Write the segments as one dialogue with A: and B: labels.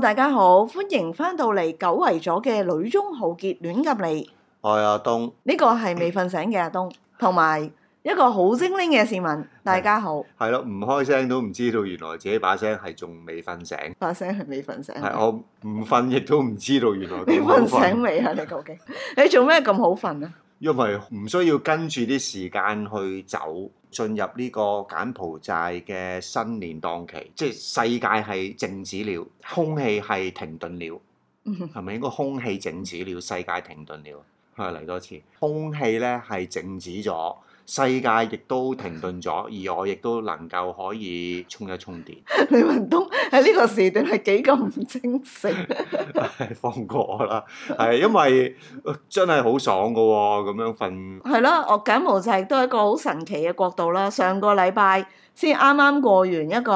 A: 大家好，歡迎翻到嚟久違咗嘅《女中豪傑戀入你》。
B: 係阿東，
A: 呢個係未瞓醒嘅阿東，同埋一個好精靈嘅市民。大家好，
B: 係咯，唔開聲都唔知道，原來自己把聲係仲未瞓醒。
A: 把聲係未瞓醒。係
B: 我唔瞓亦都唔知道，原來你瞓醒未啊？
A: 你究竟你做咩咁好瞓啊？
B: 因為唔需要跟住啲時間去走。進入呢個柬埔寨嘅新年檔期，即係世界係靜止了，空氣係停頓了，係咪應該空氣靜止了，世界停頓了？係、啊、嚟多次，空氣咧係靜止咗。世界亦都停頓咗，而我亦都能夠可以充一充電。李
A: 雲 東喺呢個時段係幾咁唔清醒，
B: 放過我啦。係因為、呃、真係好爽嘅喎、哦，咁樣瞓。
A: 係咯，我柬埔寨係都係一個好神奇嘅國度啦。上個禮拜先啱啱過完一個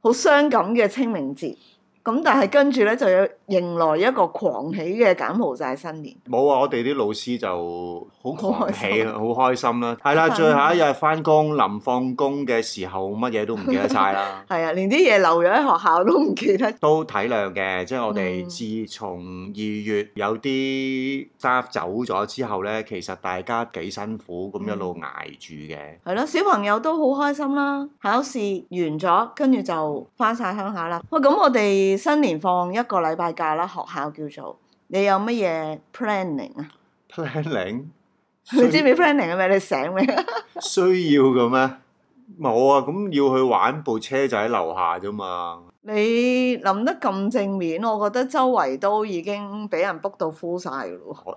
A: 好傷感嘅清明節。咁但係跟住咧就要迎來一個狂喜嘅柬埔寨新年。
B: 冇啊！我哋啲老師就好狂喜，好開心啦。係啦，最後一日翻工，臨放工嘅時候，乜嘢都唔記得晒啦。
A: 係啊，連啲嘢留咗喺學校都唔記得。
B: 都體諒嘅，即係我哋自從二月有啲 staff 走咗之後咧，其實大家幾辛苦咁一路捱住嘅。
A: 係咯，小朋友都好開心啦！考試完咗，跟住就翻晒鄉下啦。喂，咁我哋。新年放一個禮拜假啦，學校叫做你有乜嘢 planning 啊
B: ？planning，你知唔知
A: planning 啊？咩？你醒未啊？
B: 需要嘅咩？冇啊！咁要去玩部車就喺樓下啫嘛。
A: 你諗得咁正面，我覺得周圍都已經俾人 book 到 full 曬。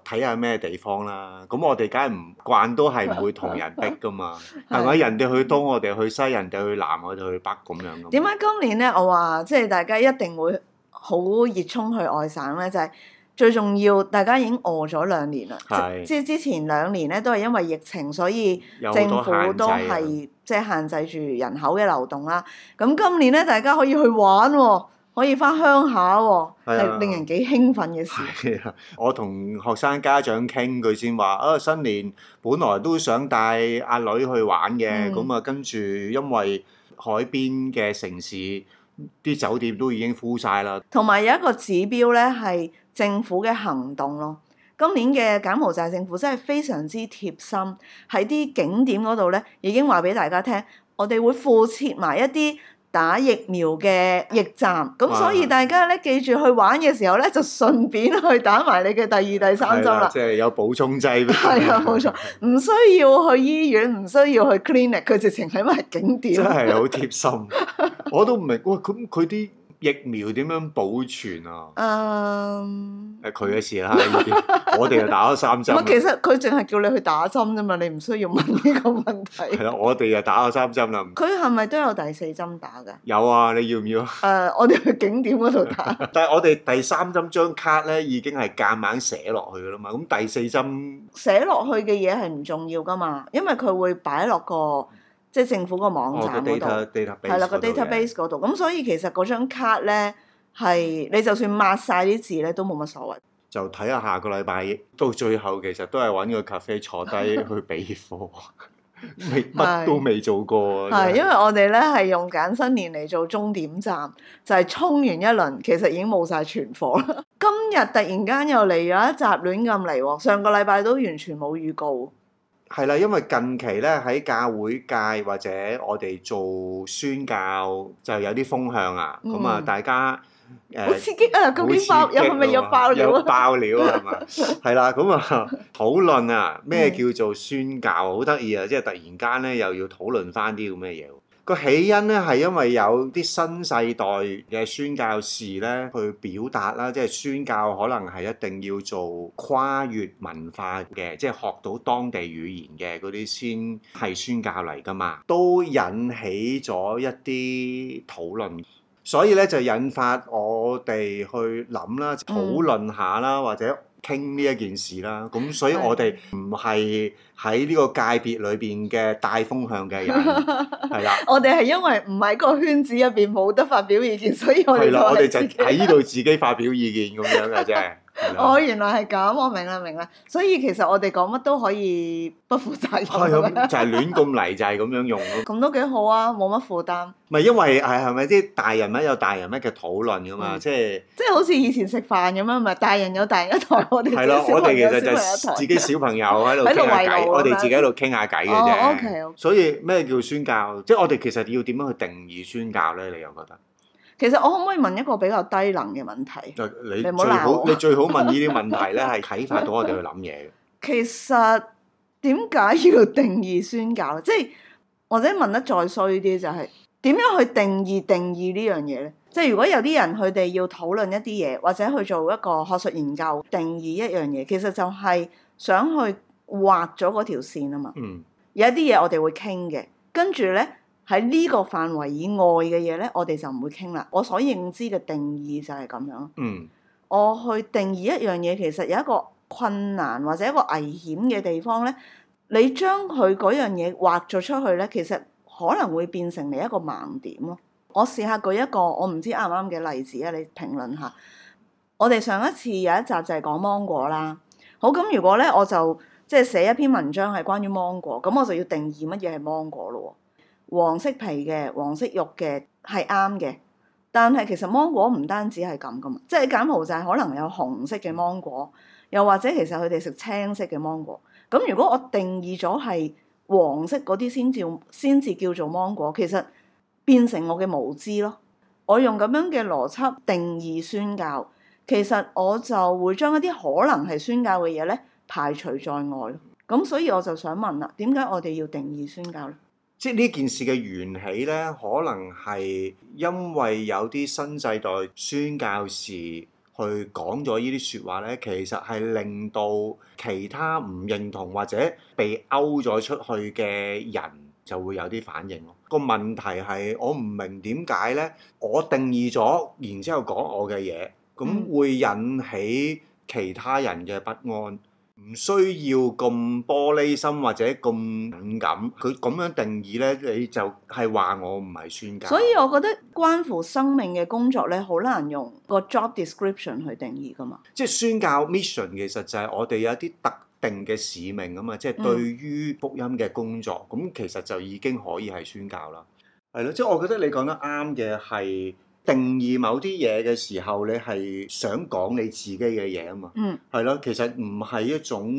B: 睇下咩地方啦。咁我哋梗係唔慣，都係唔會同人逼噶嘛。係咪 的人哋去東，我哋去西；人哋去南，我哋去北咁樣。
A: 點解今年呢？我話即係大家一定會好熱衷去外省呢？就係、是、最重要。大家已經餓咗兩年啦。即係的之前兩年呢，都係因為疫情，所以政府都係、啊。即係限制住人口嘅流動啦。咁今年咧，大家可以去玩喎、哦，可以返鄉下喎、哦，係、哎、呀令人幾興奮嘅事。
B: 哎、我同學生家長傾，佢先話啊，新年本來都想帶阿女去玩嘅，咁啊、嗯、跟住因為海邊嘅城市啲酒店都已經枯晒啦。
A: 同埋有一個指標咧，係政府嘅行動咯。今年嘅柬埔寨政府真係非常之貼心，喺啲景點嗰度呢已經話俾大家聽，我哋會附設埋一啲打疫苗嘅疫站，咁所以大家呢，記住去玩嘅時候呢，就順便去打埋你嘅第二、第三針啦。即
B: 係有補充劑。係
A: 啊，冇錯，唔需要去醫院，唔需要去 clinic，佢直情喺埋景點。真係好
B: 貼心， 我都唔明哇！咁佢啲。疫苗點樣保存啊？嗯、
A: um，
B: 係佢嘅事啦。 我哋又打咗三針。其實
A: 佢淨係叫你去打針啫嘛，你唔需要問呢個
B: 問題。係啦， 我哋又打咗三針啦。
A: 佢係咪都有第四針打㗎？
B: 有啊，你要唔要？誒，uh，
A: 我哋去景點嗰度打。
B: 但係我哋第三針張卡咧已經係夾硬，硬寫落去㗎啦嘛，咁第四針
A: 寫落去嘅嘢係唔重要㗎嘛，因為佢會擺落個。即係政府個網站度，係啦，個 database 嗰度。咁所以其實嗰張卡咧係你就算抹晒啲字咧都冇乜所謂。
B: 就睇下下個禮拜到最後，其實都係揾個 cafe 坐低去畀貨，乜 都未做過。係因為
A: 我哋咧係用緊新年嚟做終點站，就係、是、沖完一輪，其實已經冇晒存貨啦。 今日突然間又嚟咗一集亂咁嚟，上個禮拜都完全冇預告。
B: 係啦，因為近期咧喺教會界或者我哋做宣教就有啲風向啊，咁、嗯、啊大家誒好、呃、刺激
A: 啊，究竟爆有係咪有爆料啊？
B: 爆料啊，係嘛係啦，咁 啊討論啊咩叫做宣教好得意啊，即係突然間咧又要討論翻啲咁嘅嘢。個起因咧係因為有啲新世代嘅宣教士咧去表達啦，即係宣教可能係一定要做跨越文化嘅，即係學到當地語言嘅嗰啲先係宣教嚟㗎嘛，都引起咗一啲討論，所以咧就引發我哋去諗啦，討論下啦，嗯、或者。傾呢一件事啦，咁所以我哋唔係喺呢個界別裏邊嘅大風向嘅人，係啦 的。
A: 我哋係因為唔喺個圈子入邊，冇得發表意見，所以我哋就喺呢度
B: 自己發表意見咁樣嘅啫。 哦，
A: 原來係咁，我明啦明啦，所以其實我哋講乜都可以不負責任，就
B: 係亂咁嚟，就係、是、咁樣用。咁
A: 都幾好啊，冇乜負擔。
B: 咪因為係係咪啲大人咩有大人咩嘅討論㗎嘛，嗯、即係是即
A: 係好似以前食飯咁樣，咪大人有大人一台，嗯、我哋自己食有小朋友一台，自己小
B: 朋友喺度傾下偈，我哋自己喺度傾下偈嘅啫。所以咩叫宣教？即係我哋其實要點樣去定義宣教咧？你又覺得？
A: 其實我可唔可以問一個比較低能嘅問題？
B: 你最好你， 你最好問呢啲問題咧，係啟發到我哋去諗嘢
A: 嘅。 其實點解要定義宣教？即係或者問得再衰啲、就係，就係點樣去定義定義呢樣嘢咧？即係如果有啲人佢哋要討論一啲嘢，或者去做一個學術研究，定義一樣嘢，其實就係想去畫咗嗰條線啊嘛。嗯，有一啲嘢我哋會傾嘅，跟住咧。喺呢個範圍以外嘅嘢咧，我哋就唔會傾啦。我所認知嘅定義就係咁樣。嗯，我去定義一樣嘢，其實有一個困難或者一個危險嘅地方咧。你將佢嗰樣嘢劃咗出去咧，其實可能會變成你一個盲點咯。我試下舉一個我唔知啱唔啱嘅例子啊，你評論下。我哋上一次有一集就係講芒果啦。好，咁如果咧我就即係、就係、寫一篇文章係關於芒果，咁我就要定義乜嘢係芒果咯。黃色皮嘅黃色肉嘅係啱嘅，但係其實芒果唔單止係咁噶嘛，即係柬埔寨可能有紅色嘅芒果，又或者其實佢哋食青色嘅芒果。咁如果我定義咗係黃色嗰啲先叫先至叫做芒果，其實變成我嘅無知咯。我用咁樣嘅邏輯定義宣教，其實我就會將一啲可能係宣教嘅嘢咧排除在外咯。咁所以我就想問啦，點解我哋要定義宣教咧？
B: 即係呢件事嘅緣起呢，可能係因為有啲新世代宣教士去講咗呢啲說話呢，其實係令到其他唔認同或者被勾咗出去嘅人就會有啲反應咯。個問題係我唔明點解呢，我定義咗然之後講我嘅嘢，咁會引起其他人嘅不安。唔需要咁玻璃心或者咁敏感，佢咁樣定義呢，你就係話我唔係宣教。所以，我
A: 覺得關乎生命嘅工作呢，好難用個 job description 去定義噶嘛。
B: 即係宣教 mission 其實就係我哋有一啲特定嘅使命㗎嘛，即係對於福音嘅工作，咁，嗯，其實就已經可以係宣教啦。係咯，即係我覺得你講得啱嘅係定義某啲嘢嘅時候，你係想講你自己嘅嘢啊嘛，係咯、嗯，其實唔係一種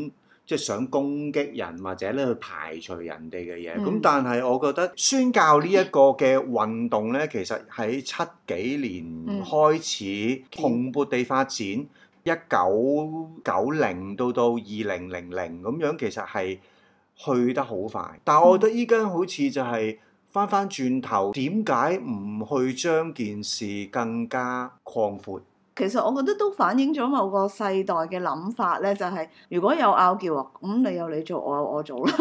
B: 即係、就是、想攻擊人或者咧去排除人哋嘅嘢。咁、嗯、但係我覺得宣教呢一個嘅運動咧，其實喺七幾年開始蓬勃、嗯、地發展，一九九零到到二零零零咁樣，其實係去得好快。但係我覺得依家好似就係、是。翻翻轉頭，點解唔去將件事更加擴闊？
A: 其實我覺得都反映咗某個世代嘅諗法咧，就係、是、如果有拗撬，咁、嗯、你有你做，我有我做啦。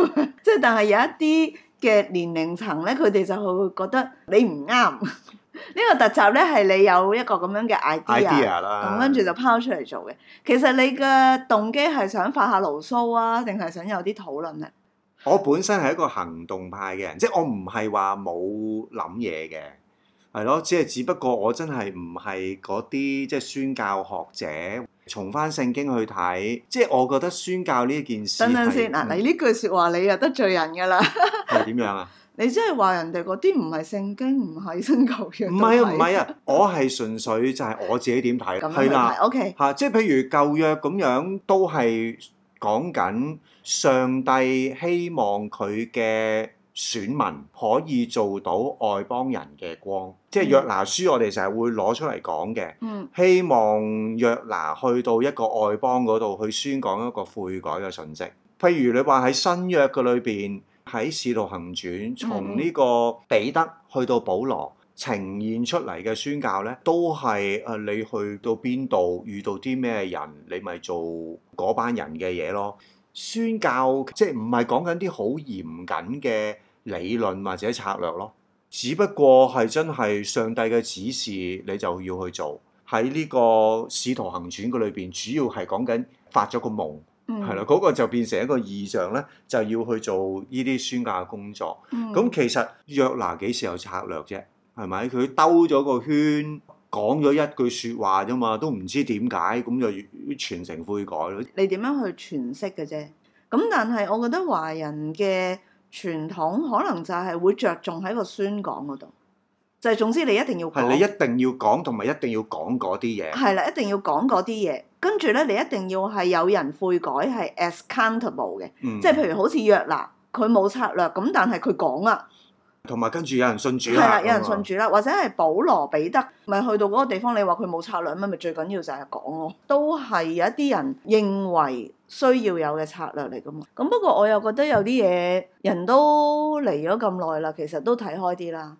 A: 即 係但係有一啲嘅年齡層咧，佢哋就係會覺得你唔啱。呢 個特集咧係你有一個咁樣嘅 ideaidea 啦，咁跟住就拋出嚟做嘅。其實你嘅動機係想發下牢騷啊，定係想有啲討論咧？
B: 我本身係一個行動派嘅人，即係我唔係話冇諗嘢嘅，係咯，只係只不過我真係唔係嗰啲即係宣教學者，重翻聖經去睇，即係我覺得宣教呢一件事。等等先，嗱、
A: 嗯，你呢句説話你又得罪人㗎啦。
B: 係 點樣啊？
A: 你即係話人哋嗰啲唔係聖經，唔係新舊約。唔係啊，唔係啊，
B: 我係純粹就係我自己點睇，係啦的，OK，嚇、啊，即係譬如舊約咁樣都係。講緊上帝希望佢嘅選民可以做到外邦人嘅光，嗯、即係約拿書我拿，我哋成日會攞出嚟講嘅。希望約拿去到一個外邦嗰度去宣講一個悔改嘅信息。譬如你話喺新約嘅裏邊，喺使徒行傳，從呢個彼得去到保羅。嗯呈現出嚟嘅宣教咧，都係誒你去到邊度遇到啲咩人，你咪做嗰班人嘅嘢咯。宣教即係唔係講緊啲好嚴謹嘅理論或者策略咯，只不過係真係上帝嘅指示，你就要去做。喺呢個使徒行傳嘅裏邊，主要係講緊發咗個夢，係啦、嗯，嗰、嗰個就變成一個異象咧，就要去做呢啲宣教嘅工作。咁、嗯、其實約拿幾時有策略啫？係咪？佢兜咗個圈，講咗一句説話啫嘛，都唔知點解，咁就全城悔改咯。
A: 你點樣去詮釋嘅啫？咁但係我覺得華人嘅傳統可能就係會着重喺個宣講嗰度，就係、是、總之你一定要係你一
B: 定要講同埋一定要講嗰啲嘢。係
A: 啦，一定要講嗰啲嘢，跟住咧你一定要係有人悔改係 as accountable 嘅，嗯、即係譬如好似約拿，佢冇策略，咁但係佢講啊。
B: 同埋跟住有人信主啦，有人信
A: 主啦，麼或者係保羅彼得咪去到嗰個地方，你話佢冇策略咩？咪最緊要就係講咯，都係有一啲人認為需要有嘅策略嚟噶嘛。咁不過我又覺得有啲嘢人都嚟咗咁耐啦，其實都睇開啲啦。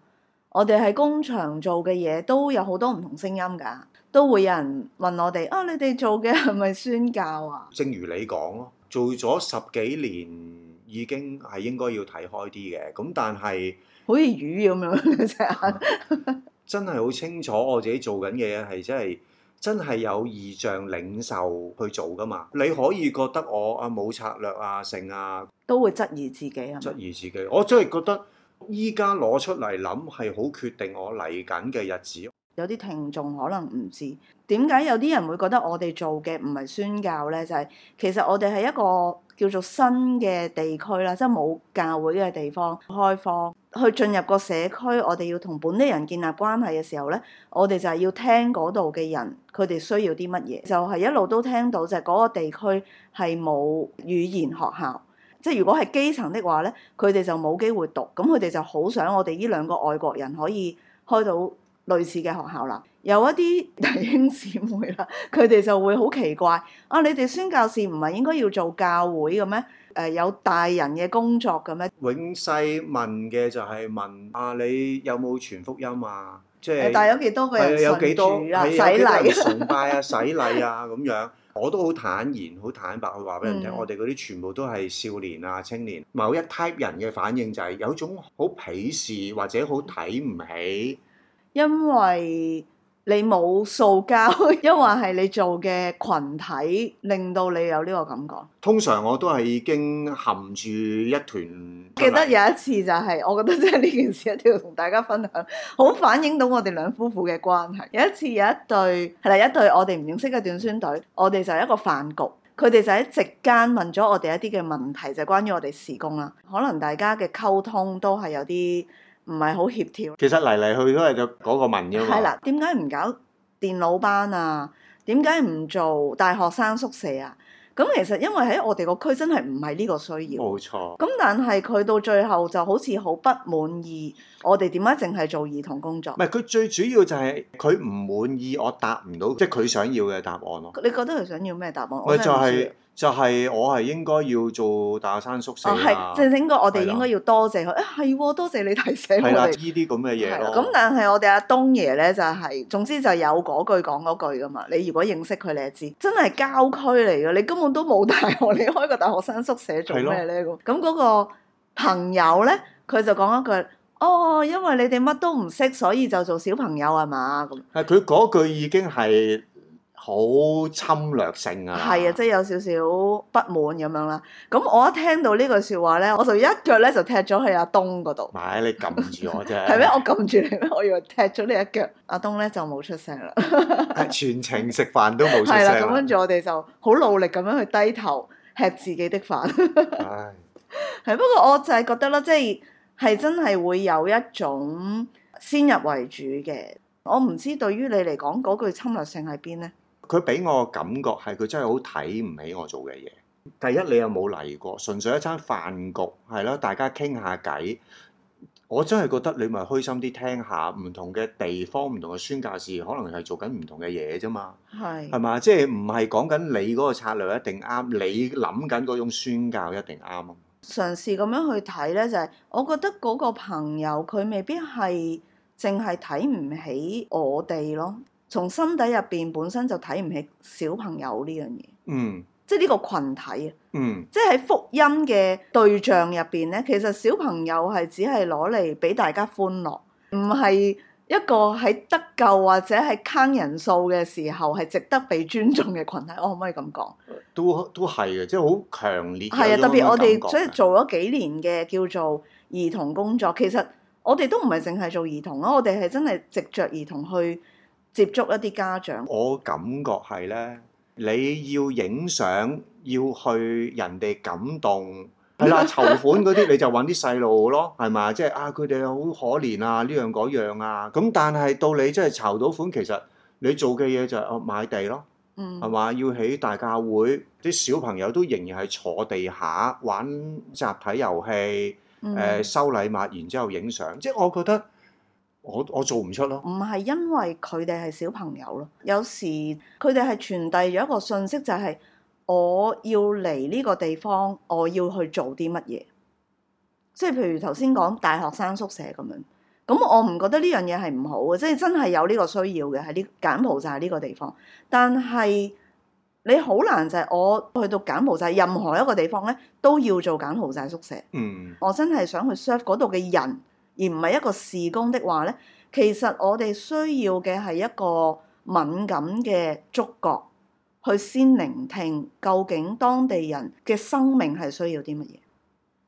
A: 我哋喺工場做嘅嘢都有好多唔同聲音噶，都會有人問我哋啊，你哋做嘅係咪宣教啊？
B: 正如你講咯，做咗十幾年。已經係應該要睇開啲嘅。咁但係好似魚咁樣隻眼，真係好清楚我自己做緊嘅嘢係，即係真係有異象領受去做噶嘛？你可以覺得我啊，冇策略啊，剩啊，都會質疑自己啊，質疑自己。我真係覺得依家攞出嚟諗係好決定我嚟緊嘅日子。
A: 有啲聽眾可能唔知點解有啲人會覺得我哋做嘅唔係宣教呢，就係其實我哋係一個，叫做新嘅地區啦，即係冇教會嘅地方開放去進入個社區。我哋要同本地人建立關係嘅時候咧，我哋就係要聽嗰度嘅人佢哋需要啲乜嘢。就係一路都聽到就係嗰個地區係冇語言學校，即係如果係基層的話咧，佢哋就冇機會讀，咁佢哋就好想我哋呢兩個外國人可以開到類似嘅學校啦。有一啲弟兄姊妹啦，佢哋就會好奇怪啊！你哋宣教士唔係應該要做教會嘅咩？誒、呃，有大人嘅工作嘅咩？
B: 永世問嘅就係問啊，你有冇傳福音啊？即、就、係、是、但有
A: 幾多個人信住啊？洗禮崇拜啊，洗禮啊
B: 咁、 啊、樣，我都好坦然、好坦白去話俾人聽。嗯、我哋嗰啲全部都係少年啊、青年。某一 type 人嘅反應就係有一種好鄙視或者好睇唔起，
A: 因為。你冇掃交，因為係你做嘅群體令到你有呢個感覺。
B: 通常我都係已經含住一團。記得有一
A: 次就係、是，我覺得即係呢件事一定要同大家分享，好反映到我哋兩夫婦嘅關係。有一次有一對係啦，一對我哋唔認識嘅短宣隊，我哋就係一個飯局，佢哋就喺席間問咗我哋一啲嘅問題，就係、是、關於我哋時工啦。可能大家嘅溝通都係有啲。唔係好協調。
B: 其實嚟嚟去都係就嗰個問啫。係啦，
A: 點解唔搞電腦班啊？點解唔做大學生宿舍啊？咁其實因為喺我哋個區真係唔係呢個需要。冇錯。咁但係佢到最後就好似好不滿意我哋點解淨係做兒童工作。唔
B: 係，佢最主要就係佢唔滿意我答唔到，即係佢想要嘅答案咯。
A: 你覺得佢想要咩答案？就係、我就係。
B: 就係我係應該要做大學生宿舍啊！係、啊，正
A: 正、就是、我我哋應該要多謝佢啊！係喎的、哎，多謝你提醒我哋。係啦，依
B: 啲咁嘅嘢咯。咁
A: 但係我哋阿東爺咧就係、是，總之就有嗰句講嗰句噶嘛。你如果認識佢，你就知真係郊區嚟嘅，你根本都冇大學，你開個大學生宿舍做咩咧咁？咁嗰的個朋友咧，佢就講一句：哦，因為你哋乜都唔識，所以就做小朋友係嘛咁。
B: 係佢嗰句已經係。好侵略性啊！係
A: 啊，即係有少少不滿咁樣啦。咁我一聽到句呢句説話咧，我就一腳咧就踢咗去阿東嗰度。
B: 咪你撳住我啫！係咩？
A: 我撳住你啦，我要踢咗你一腳。阿東咧就冇出聲啦。
B: 全程食飯都冇出聲。係啦、啊，咁跟住
A: 我哋就好努力咁樣去低頭吃自己的飯。係 唉不過我就係覺得咧，即係係真係會有一種先入為主嘅。我唔知對於你嚟講嗰句侵略性喺邊咧。
B: 佢俾我感覺係佢真係好睇唔起我做嘅嘢。第一，你有冇嚟過，純粹一餐飯局，係咯，大家傾下偈。我真係覺得你咪虛心啲，聽下唔同嘅地方，唔同嘅宣教士，可能係做緊唔同嘅嘢啫嘛。係係嘛？即係唔係講緊你嗰個策略一定啱，你諗緊嗰種宣教一定啱啊？
A: 嘗試咁樣去睇咧，就係、是、我覺得嗰個朋友佢未必係淨係睇唔起我哋咯。從心底入邊本身就睇唔起小朋友呢樣嘢，嗯，即係呢個群體啊，嗯，即係喺福音嘅對象入邊咧，其實小朋友係只係攞嚟俾大家歡樂，唔係一個喺得救或者係坑人數嘅時候係值得被尊重嘅群體。嗯，我可唔可以咁講？
B: 都都係嘅，即係好強烈。係啊的，特別我哋所以
A: 做咗幾年嘅叫做兒童工作，其實我哋都唔係淨係做兒童咯，我哋係真係藉著兒童去，接觸一啲家長，
B: 我感覺係咧，你要影相，要去人哋感動，係啦， 籌款嗰啲你就揾啲細路咯，係嘛？即係啊，佢哋好可憐啊，呢樣嗰樣啊。咁但係到你真係籌到款，其實你做嘅嘢就係、是、哦、啊、買地咯，係嘛，嗯？要起大教會，啲小朋友都仍然係坐地下玩集體遊戲，誒、呃、收禮物，然之後影相。嗯、即係我覺得。我我做唔出咯，唔係因為
A: 佢哋係小朋友咯，有時佢哋係傳遞咗一個信息，就係我要嚟呢個地方，我要去做啲乜嘢。即係譬如頭先講大學生宿舍咁樣，咁我唔覺得呢樣嘢係唔好嘅，即係真係有呢個需要嘅喺呢柬埔寨呢個地方。但係你好難就係我去到柬埔寨任何一個地方咧，都要做柬埔寨宿舍。嗯，我真係想去 serve 嗰度嘅人。而唔係一個事工的話咧，其實我哋需要嘅係一個敏感嘅觸覺，去先聆聽究竟當地人嘅生命係需要啲乜嘢。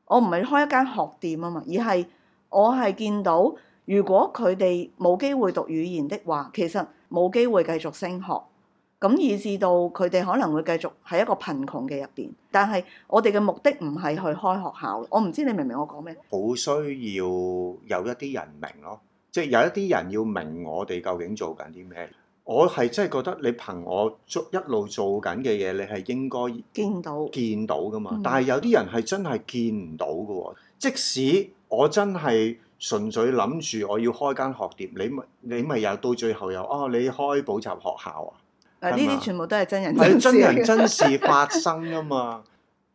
A: 我唔係開一間學店啊嘛，而係我係見到，如果佢哋冇機會讀語言的話，其實冇機會繼續升學。咁以至到佢哋可能會繼續喺一個貧窮嘅入邊，但係我哋嘅目的唔係去開學校。我唔知你明唔明我講咩？
B: 好需要有一啲人明咯，即係有一啲人要明我哋究竟做緊啲咩。我係真係覺得你憑我做一路做緊嘅嘢，你係應該見到見到㗎嘛。但係有啲人係真係見唔到㗎喎。即使我真係純粹諗住我要開間學店，你咪你咪又到最後又哦，你開補習學校啊！呢啲全
A: 部都係真人真事是，真人真事發
B: 生噶嘛？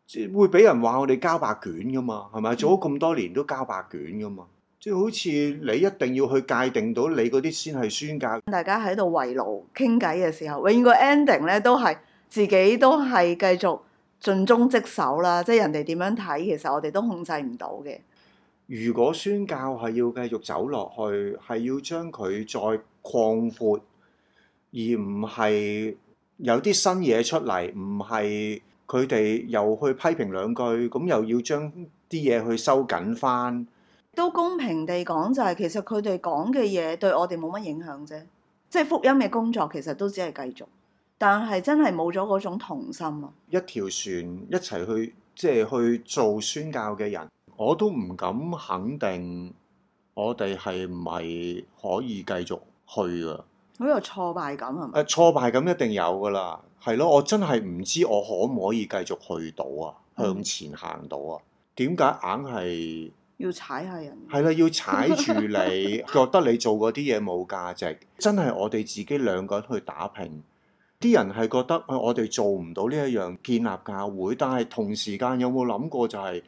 B: 即 會俾人話我哋交白卷噶嘛？係咪？做咗咁多年都交白卷噶嘛？即好似你一定要去界定到你嗰啲先係宣教。
A: 大家喺度圍爐傾偈嘅時候，永遠個 ending 咧都係自己都係繼續盡忠職守啦。即人哋點樣睇，其實我哋都控制唔到嘅。
B: 如果宣教係要繼續走落去，係要將佢再擴闊。而唔係有啲新嘢出嚟，唔係佢哋又去批評兩句，咁又要將啲嘢去收緊返。
A: 都公平地講，就係，就係其實佢哋講嘅嘢對我哋冇乜影響啫。即係福音嘅工作其實都只係繼續，但係真係冇咗嗰種童心啊！一
B: 條船一齊去，即、就、係、係、去做宣教嘅人，我都唔敢肯定我哋係唔係可以繼續去噶。
A: 好有挫敗感係咪？
B: 誒，挫敗感一定有噶啦，係咯，我真係唔知我可唔可以繼續去到啊，向前行到啊？點解硬係
A: 要踩下人？
B: 係啦，要踩住你， 覺得你做嗰啲嘢冇價值，真係我哋自己兩個人去打拼，啲人係覺得誒，我哋做唔到呢一樣建立教會，但係同時間有冇諗過就係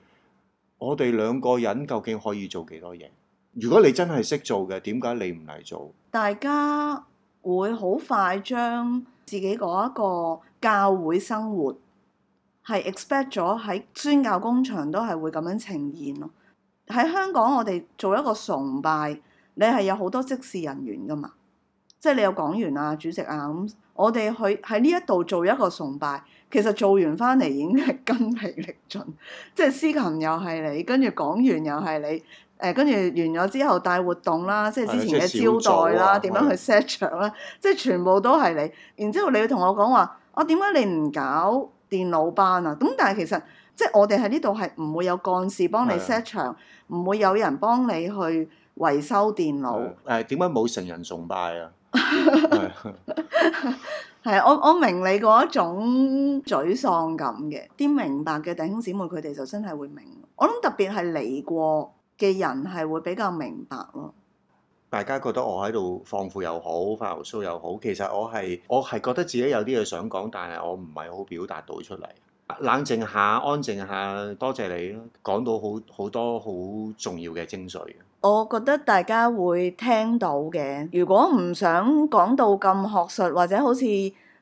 B: 我哋兩個人究竟可以做幾多嘢？如果你真係識做嘅，點解你唔嚟做？
A: 大家。會好快將自己嗰一個教會生活係 expect 咗喺宣教工場都係會咁樣呈現咯。喺香港我哋做一個崇拜，你係有好多即事人員噶嘛，即係你有講員啊、主席啊咁。我哋去喺呢一度做一個崇拜，其實做完翻嚟已經係筋疲力盡，即係司琴又係你，跟住講員又係你。誒跟住完咗之後帶活動啦，即係之前嘅招待啦，點樣，啊，去 set 場啦，是的 即係全部都係你。然之後你要同我講話，我點解你唔搞電腦班啊？咁但係其實即係我哋喺呢度係唔會有幹事幫你 set 場，唔是的 會有人幫你去維修電腦。
B: 誒點解冇成人崇拜啊？
A: 係 我我明你嗰一種沮喪感嘅，啲明白嘅弟兄姊妹佢哋就真係會明。我諗特別係嚟過。嘅人係會比較明白咯。
B: 大家覺得我喺度放負又好，發牢騷又好，其實我係我係覺得自己有啲嘢想講，但係我唔係好表達到出嚟。冷靜下，安靜下，多謝你咯，講到好好多好重要嘅精髓。
A: 我覺得大家會聽到嘅。如果唔想講到咁學術，或者好似。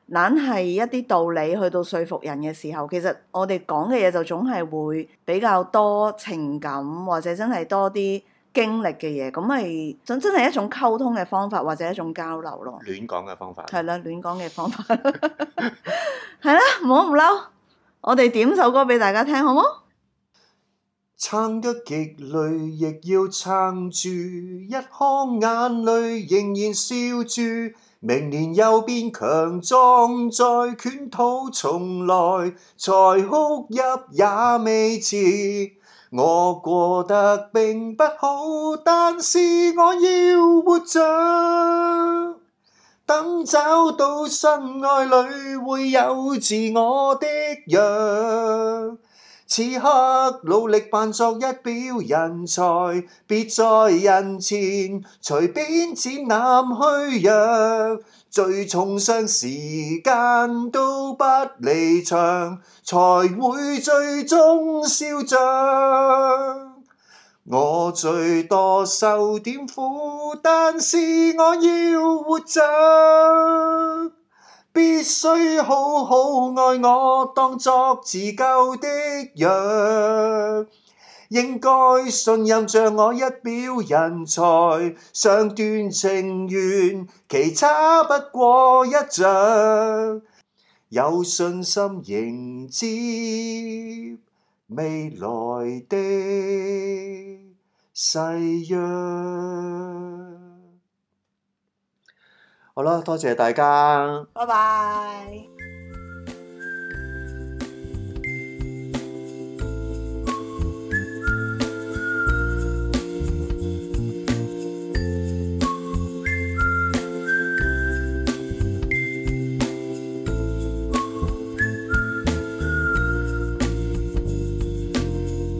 A: 攬係一啲道理去到說服人嘅時候，其實我哋講嘅嘢就總係會比較多情感，或者真係多啲經歷嘅嘢，咁咪真係一種溝通嘅方法，或者一種交流
B: 咯。亂講嘅方法。
A: 係啦，亂講嘅方法。係啦，唔好唔嬲。我哋點首歌俾大家聽，好冇？
B: 撐得極累，亦要撐住；一腔眼淚，仍然笑住。明年又變強壯，再捲土重來，才哭泣也未遲。我過得並不好，但是我要活着。等找到新愛侶，會有自我的樣。此刻努力扮作一表人才，別在人前隨便展覽虛弱。最重傷時間都不離場，才會最終笑着。我最多受點苦，但是我要活着。必須好好愛我，當作自救的藥。應該信任像我一表人才，上段情緣，其差不過一掌。有信心迎接未來的誓約。好啦，多謝大家，
A: 拜拜。